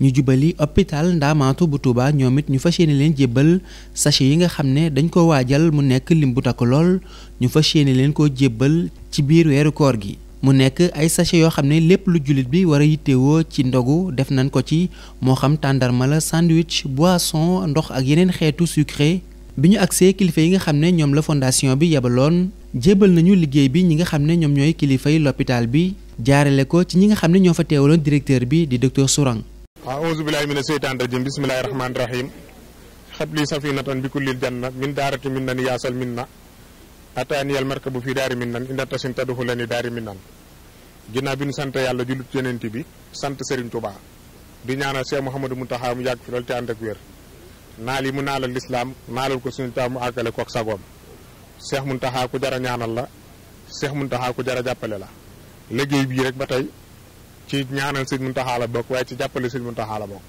ñu jubali hôpital Ndaamaatu bu Touba ñoom it ñu fas yéene leen jébbal sachet yi nga xam ne dañ ko waajal mu nekk lim bu takk lool ñu fas yéene leen koo jébbal ci biir weeru koor gi. mu nekk ay sachet yoo xam ne lépp lu jullit bi war a yittewoo ci ndogu def nañ ko ci moo xam tàndarma la sandwich boisson ndox ak yeneen xeetu sucré bi ñu agsee kilifa yi nga xam ne ñoom la fondation bi yebaloon jébbal nañu liggéey bi ñi nga xam ne ñoom ñooy kilifay l'hôpital bi jaarale ko ci ñi nga xam ne ñoo fa teewaloon directeur bi di docteur Sourang aouzu billahi mina seytaan rajim bismillahi rahmaani rahim xabli safinatan bi kullil janna min daarati min nan yaasal min na ataaniyal markabu fii daari min nan inda tasin taduxu la ni daari min nan ginnaaw bi ñu sant yàlla jullit yenente bi sant Serigne Touba di ñaanal Cheikh Mouhamadou Mountakha mu yàgg fi loolu te ànd ak wér naal yi mu naalal lislaam naalal ko suñu taamu àggale ko ak sagoom Cheikh Mountakha ku jar a ñaanal la Cheikh Mountakha ku jar a jàppale la ci ñaanal sëñ Muntaxa la bokk waaye ci jàppale sëñ Muntaxa la bokk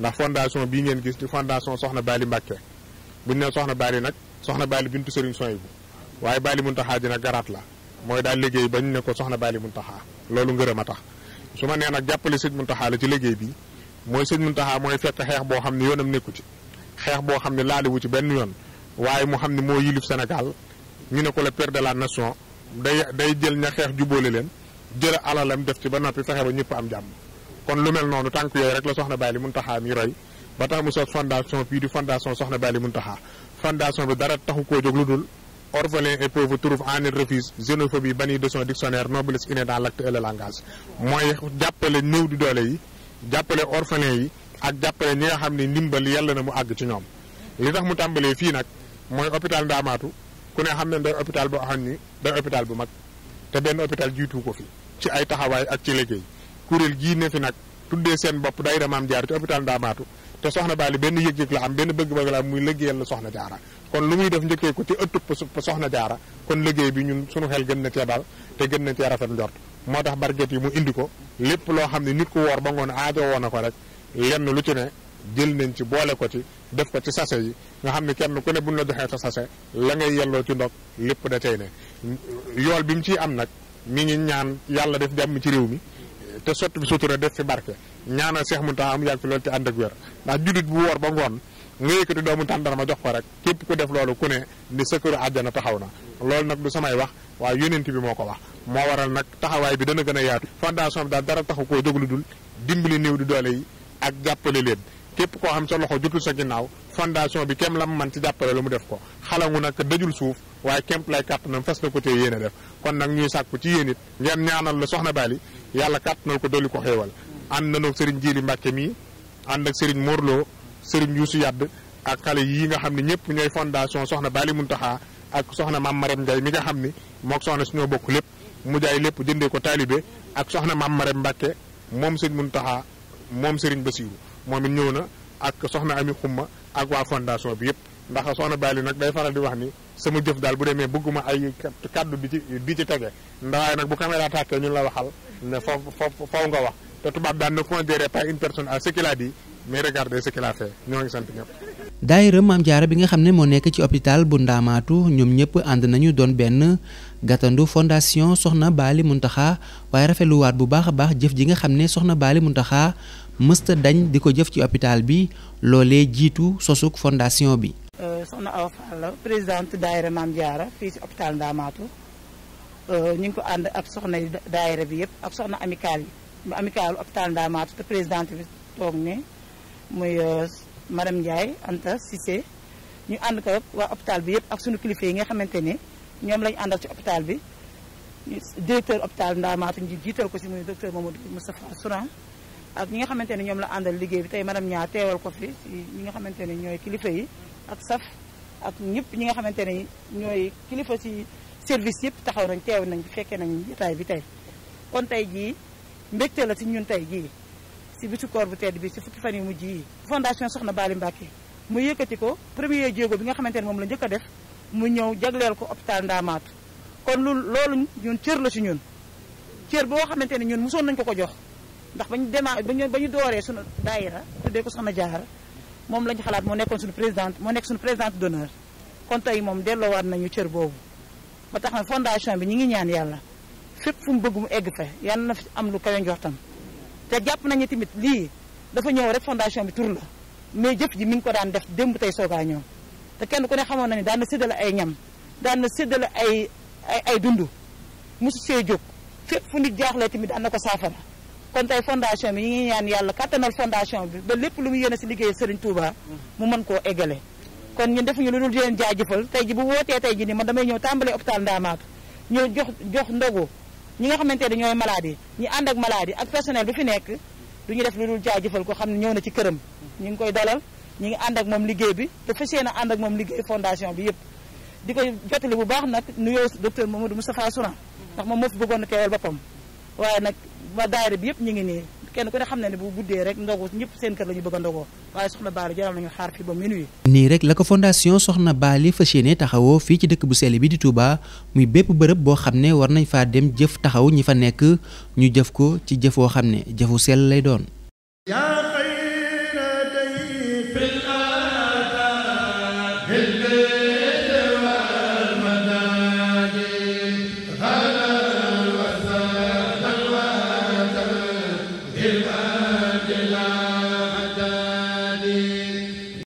ndax fondation bii ngeen gis ci fondation Soxna Bali Mbàkke bu ñu nee Soxna Bali nag Soxna Bali bintu Sëriñ Soyibu waaye Bali Muntaxa dina garaat la mooy daal liggéey ba ñu ne ko Soxna Bali taxaa loolu ngërëm a tax su ma nee nag jàppale mun Muntaxa la ci liggéey bi mooy sëñ Muntaxa mooy fekk xeex boo xam ne yoonam nekku ci xeex boo xam ne laaliwu ci benn yoon waaye xam ne moo yilif Sénégal ñu ne ko le père de la nation day day jël ña xeex jubóole leen jël alalam def ci ba noppi fexe ba ñëpp am jàmm kon lu mel noonu tànk yooyu rek la soxna Baali Muntaxa mi roy ba tax mu sos fondation bii di fondation soxna Baali Muntaxa fondation bi dara taxu koo jóg lu dul orphelins et pauvres trouvent en elle refuge xénophobie bannie de son dictionnaire noblesse innée dans l'acte et le mooy jàppale néew di doole yi jàppale orphelins yi ak jàppale ñi nga xam ni ndimbal yàlla na mu àgg ci ñoom li tax mu tàmbalee fii nag mooy hôpital Ndaamaatu ku ne xam ne day boo xam ni day hôpital mag te benn hôpital jiitu ko fi ci ay taxawaay ak ci liggéey kuréel gii ne fi nag tuddee seen bopp day dem am Jaara ci hôpital Ndaamaatu te soxna Bali benn yëg-yëg la am benn bëgg-bëgg la am muy liggéeyal la soxna jaara kon lu muy def njëkkee ko ci ëttub soxna jaara kon liggéey bi ñun suñu xel gën na cee dal te gën na cee rafet njort moo tax barget yi mu indi ko lépp loo xam ne nit ku woor ba ngoon aajoo woon na ko rek lenn lu ci ne jël nañ ci boole ko ci def ko ci sase yi nga xam ne kenn ku ne buñ la joxee sa sase la ngay yelloo ci ndox lépp da tey ne yool bi mu ci am nag mi ngi ñaan yàlla def jàmm ci réew mi te sotti sutura def fi barke ñaanal Seex mun Muntaxa am yàgg fi loolu te ànd ak wér ndax jullit bu woor ba ngoon nga yëkkati doomu ma jox ko rek képp ku def loolu ku ne ni sa këru àjjana taxaw na loolu nag du samay wax waaye yonent bi moo ko wax moo waral nag taxawaay bi dana gën a yaatu fondation daal dara taxu koo jóg lu dul di doole ak jàppale leen képp koo xam sa loxo jotul sa ginnaaw fondation bi kem lam man ci jàppale la mu def ko xalangu nag dajul suuf waaye képp lay kàttanam fes na ko tey yéen a def kon nag ñuy sàkku ci yéen it ngeen ñaanal la soxna Bali yàlla kàttanal ko dolli ko xéewal ànd nañoo Serigne Jili Mbàkke mii ànd ak Serigne Morlo Serigne Youssou Yadd ak xale yi nga xam ne ñëpp ñooy fondation soxna Bali Muntaxa ak soxna maam Marème Ndiaye mi nga xam ni moo soxna suñoo bokk lépp mu jaay lépp jëndee ko taalibe ak soxna maam Marème Mbàkke moom Serigne Muntaxa moom Serigne Bassirou moom it ñëw na ak soxna Ami Xumma ak waa fondation bi yëpp ndax soxna Bali nag day faral di wax ni sama jëf daal bu demee bëgguma ay kaddu di ci di ci tege nag bu caméra tàkkee ñun la waxal ne faw faw nga wax te tubaab daan ne considérer pas une personne a dit mais ñoo ngi sant ñëpp. daayira Maam Jaara bi nga xam ne moo nekk ci hôpital bu Ndaamaatu ñoom ñëpp ànd nañu doon benn gàttandu fondation Soxna Baali Muntaxa waaye rafetluwaat bu baax a baax jëf ji nga xam ne Soxna Baali Muntaxa mësta dañ di ko jëf ci hôpital bi loolee jiitu sosuk fondation bi. Euh, soxna Awa Fall la présidente daayira Maam Jaara fii ci hôpital Ndamatou euh, ñu ngi ko ànd ak soxna daayira bi yëpp ak soxna amicale yi amicale hôpital Ndamatou te présidente bi toog ne muy euh, madame Ndiaye Anta Cissé ñu ànd ko waa hôpital bi yëpp ak sunu kilifa yi nga xamante ni ñoom lañu àndal ci hôpital bi directeur hôpital Ndamatou ñu jiital ko ci muy docteur Mamadou Moustapha Souran ak ñi nga xamante ne ñoom la àndal liggéey bi tey manam ñaa teewal ko fi ñi nga xamante ne ñooy kilifa yi ak saf ak ñëpp ñi nga xamante ne ñooy kilifa si service yëpp taxaw nañ teew nañ fekkee nañ jotaay bi tey kon tey jii mbégte la si ñun tey jii si bisu koor bu tedd bi si fukki fan yu mujj yi fondation Soxna baali Mbacke mu yëkkati ko premier jéego bi nga xamante ne moom la njëkk a def mu ñëw jagleel ko hôpital Ndaamaatu kon lu loolu ñun cër la si ñun cër boo xamante ne ñun mosoon nañ ko ko jox ndax bañu démarré bañu ba ñu dooree suñu daayira tuddee ko soxna jaara moom lañu xalaat moo nekkoon suñu présidente moo nekk suñu présidente d'honneur kon tey moom delloowaat nañu cër boobu ba tax na fondation bi ñu ngi ñaan yàlla fépp fu mu bëgg mu egg fa yàlla na fi am lu kawe njortam te jàpp nañu tamit lii dafa ñëw rek fondation bi tur la mais jëf ji mi ngi ko daan def démb tey soogaa ñëw te kenn ku ne xamoon na ni daan na séddale ay ñam daan na séddale ay ay ay dund mosu see jóg fépp fu nit jaaxlee tamit daan na ko saafara kon tey fondation bi ñu ngi ñaan yàlla kattanal fondation bi ba lépp lu mu yéene si liggéey Serigne Touba mu mën koo eggale kon ñun defuñu lu dul di leen jaajëfal tey ji bu wootee tey ji ni man damay ñëw tàmbale hôpital Ndamaatu ñëw jox jox ndogu ñi nga xamante ne ñooy malade yi ñu ànd ak malade ak personnel bi fi nekk du ñu def lu dul jaajëfal ko xam ne ñëw na ci këram ñu ngi koy dalal ñu ngi ànd ak moom liggéey bi dafa fas yéene ànd ak moom liggéey fondation bi yëpp di koy jotali bu baax nag nuyoo docteur Mamadou Moustapha Souran ndax moom moo bëggoon a teewal boppam waaye nag ma daayira bi yëpp ñu ngi nii kenn ku ne xam na ne bu guddee rek ndogu ñëpp seen kër la ñu bëgg a ndogoo waaye soxna Baali jaral nañu xaar fii ba minuit. nii rek la ko fondation soxna Baali fas yéene taxawoo fii ci dëkk bu sell bi di Touba muy bépp bërëb boo xam ne war nañ faa dem jëf taxaw ñi fa nekk ñu jëf ko ci jëf woo xam ne jëfu sell lay doon.